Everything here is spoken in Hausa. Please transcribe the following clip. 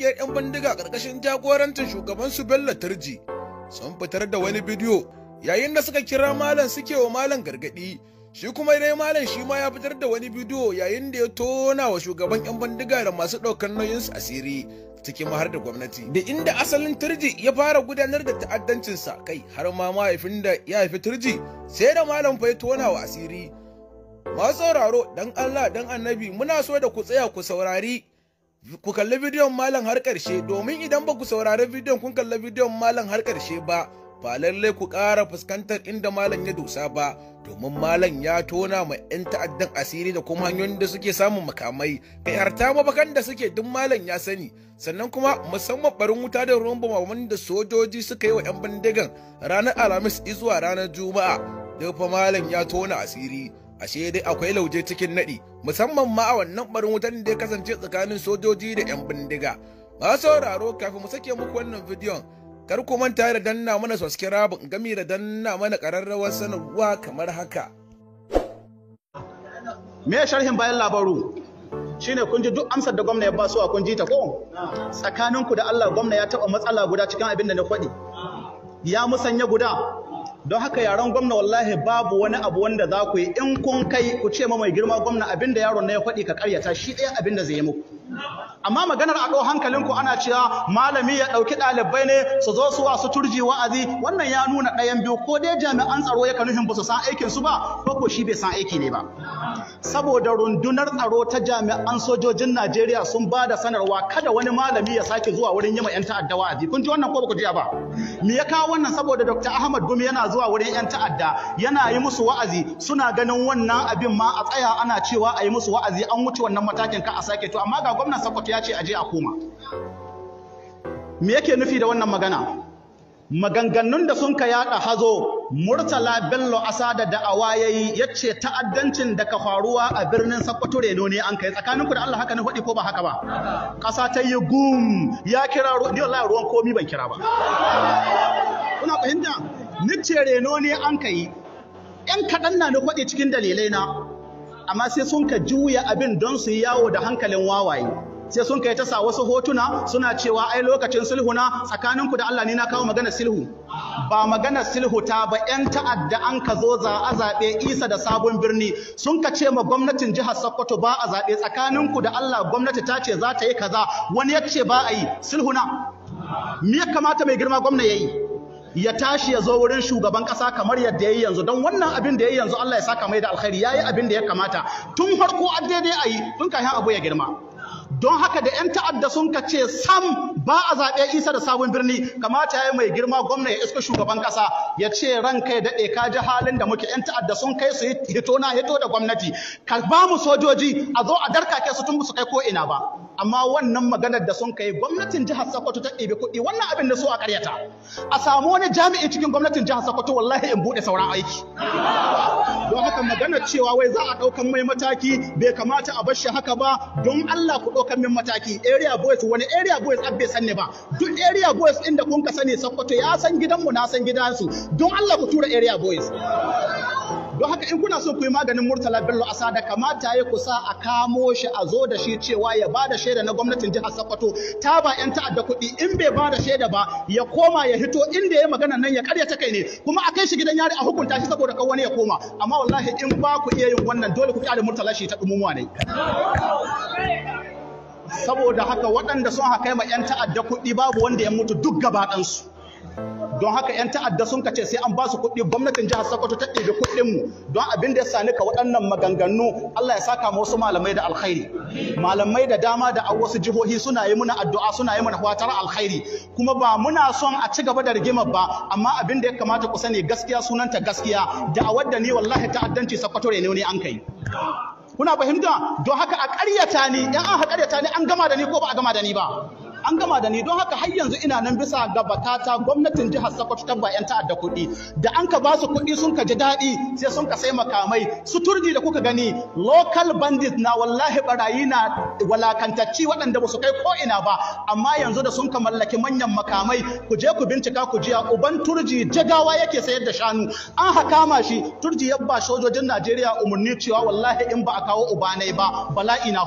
kungiyar 'yan bindiga ƙarƙashin jagorancin shugabansu Bello Turji sun fitar da wani bidiyo yayin da suka kira malam suke wa malam gargadi, shi kuma dai malam shi ma ya fitar da wani bidiyo yayin da ya tona wa shugaban 'yan bindiga da masu ɗaukar nauyinsu asiri cikin har da gwamnati da inda asalin turji ya fara gudanar da ta'addancinsa kai har ma mahaifin da ya haifi turji sai da malam fa ya tona wa asiri masu sauraro dan Allah dan annabi muna so da ku tsaya ku saurari ku kalli bidiyon malam har ƙarshe domin idan ba ku saurari bidiyon kun kalli bidiyon malam har ƙarshe ba ba lallai ku ƙara fuskantar inda malam ya dosa ba domin malam ya tona ma 'yan ta'addan asiri da kuma hanyoyin da suke samun makamai kai harta mabakan da suke duk malam ya sani sannan kuma musamman barin wuta da ruwan da sojoji suka yi wa 'yan bindigan ranar alhamis zuwa ranar juma'a da fa malam ya tona asiri ashe dai akwai lauje cikin naɗi musamman ma a wannan barin wutan da ya kasance tsakanin sojoji da 'yan bindiga ba sauraro kafin mu sake muku wannan bidiyon kar ku manta da danna mana subscribe gami da danna mana ƙararrawar sanarwa kamar haka me sharhin bayan labaru shine kun ji duk amsar da gwamna ya ba su a kun ji ta ko tsakaninku da Allah gwamna ya taba matsala guda cikin abin da na faɗi ya musanya guda don haka yaren gwamna wallahi babu wani abu wanda za ku yi in kun kai ku ce ma mai girma gwamna abin da yaron na ya faɗi ka karyata shi ɗaya da zai yi muku amma maganar a ɗau hankalinku ana cewa malami ya ɗauki ɗalibai ne su zo su wasu turji wa'azi wannan ya nuna ɗayan biyu ko dai jami'an tsaro ya nufin ba su san aikin su ba ko ko shi bai san aiki ne ba saboda rundunar tsaro ta jami'an sojojin Najeriya sun ba da sanarwa kada wani malami ya sake zuwa wurin yi ma 'yan ta'adda wa'azi kun ji wannan ko ba ku ba me ya kawo wannan saboda Dr. Ahmad Gumi yana zuwa wurin 'yan ta'adda yana yi musu wa'azi suna ganin wannan abin ma a tsaya ana cewa a yi musu wa'azi an wuce wannan matakin ka a sake to amma ga gwamnan sakwato ya ce aje a koma me yake nufi da wannan magana maganganun da sun ka yaɗa hazo murtala bello asada da awayayi ya ce ta'addancin da ka faruwa a birnin sakkwato reno ne an kai tsakaninku da allah haka ne faɗi ko ba haka ba ƙasa ta yi gum ya kira ni wallahi ruwan komi ban kira ba kuna fahimta ni ce reno ne an kai yan kaɗan na ni faɗi cikin dalilai na amma sai sun ka juya abin don su yi yawo da hankalin wawaye sai sun kai ta sa wasu hotuna suna cewa ai lokacin sulhu na tsakanin ku da Allah ne na kawo magana sulhu ba magana sulhu ta ba yan ta'adda an ka zo za a zaɓe Isa da sabon birni sun ka ce ma gwamnatin jihar Sokoto ba a zaɓe tsakanin ku da Allah gwamnati ta ce za ta yi kaza wani ya ce ba a yi sulhu na me ya kamata mai girma gwamna yayi ya tashi ya zo wurin shugaban kasa kamar yadda yayi yi yanzu don wannan abin da ya yi yanzu Allah ya saka mai da alkhairi ya yi abin da ya kamata tun farko a daidai a yi tun kayan abu ya girma don haka da 'yan ta'adda sun ka ce sam ba a zaɓe isa da sabon birni kamata ya yi mai girma gwamna ya iska shugaban ƙasa ya ce ran kai daɗe ka ji halin da muke 'yan ta'adda sun kai su hito na hito da gwamnati ka ba mu sojoji a zo a ke su tun su kai ko ina ba amma wannan maganar da sun kai gwamnatin jihar Sokoto ta ɗebe kuɗi wannan abin da su a karyata. a samu wani jami'i cikin gwamnatin jihar Sokoto wallahi in bude sauran aiki don haka maganar cewa wai za a ɗaukan mai mataki bai kamata a bashi haka ba don Allah ku ɗaukan min mataki area boys wani area boys abbe sanne ba duk area boys inda kun ka sani Sokoto ya san gidanmu na san gidansu don Allah ku tura area boys don haka in kuna so ku yi maganin murtala bello da kamata ya kusa a kamo shi a zo da shi cewa ya ba da shaida na gwamnatin jihar sokoto ta ba yan ta'adda kuɗi in bai ba da shaida ba ya koma ya hito inda ya magana nan ya karya ta kai ne kuma a kai shi gidan yari a hukunta shi saboda kan wani ya koma amma wallahi in ba ku iya yin wannan dole ku kyale murtala shi ta dumuwa ne saboda haka waɗanda sun haka ma 'yan ta'adda kuɗi babu wanda ya mutu duk gaba ɗansu don haka yan ta'adda sun kace sai an ba su kuɗi gwamnatin jihar Sokoto ta ɗebe kuɗin mu don abin da ya sani ka waɗannan maganganu Allah ya saka ma wasu malamai da alkhairi malamai da dama da a wasu jihohi suna yi muna addu'a suna yi muna fatar alkhairi kuma ba muna son a ci gaba da rigimar ba amma abin da ya kamata ku sani gaskiya sunanta gaskiya da a ni wallahi ta'addanci Sokoto ne ne an kai kuna fahimta don haka a ƙaryata ni in an haƙaryata ni an gama da ni ko ba a gama da ni ba an gama da ni don haka har yanzu ina nan bisa ga batata gwamnatin jihar Sokoto ta bayan ta'adda kuɗi da an ka ba su kuɗi sun ka ji daɗi sai sun ka sai makamai su turji da kuka gani local bandits na wallahi barayi na walakantacci waɗanda ba su kai ko ina ba amma yanzu da sun ka mallaki manyan makamai ku je ku bincika ku jiya uban turji jagawa yake sayar da shanu an hakama shi turji yabba sojojin Najeriya umarni cewa wallahi in ba a kawo ubanai ba bala'i na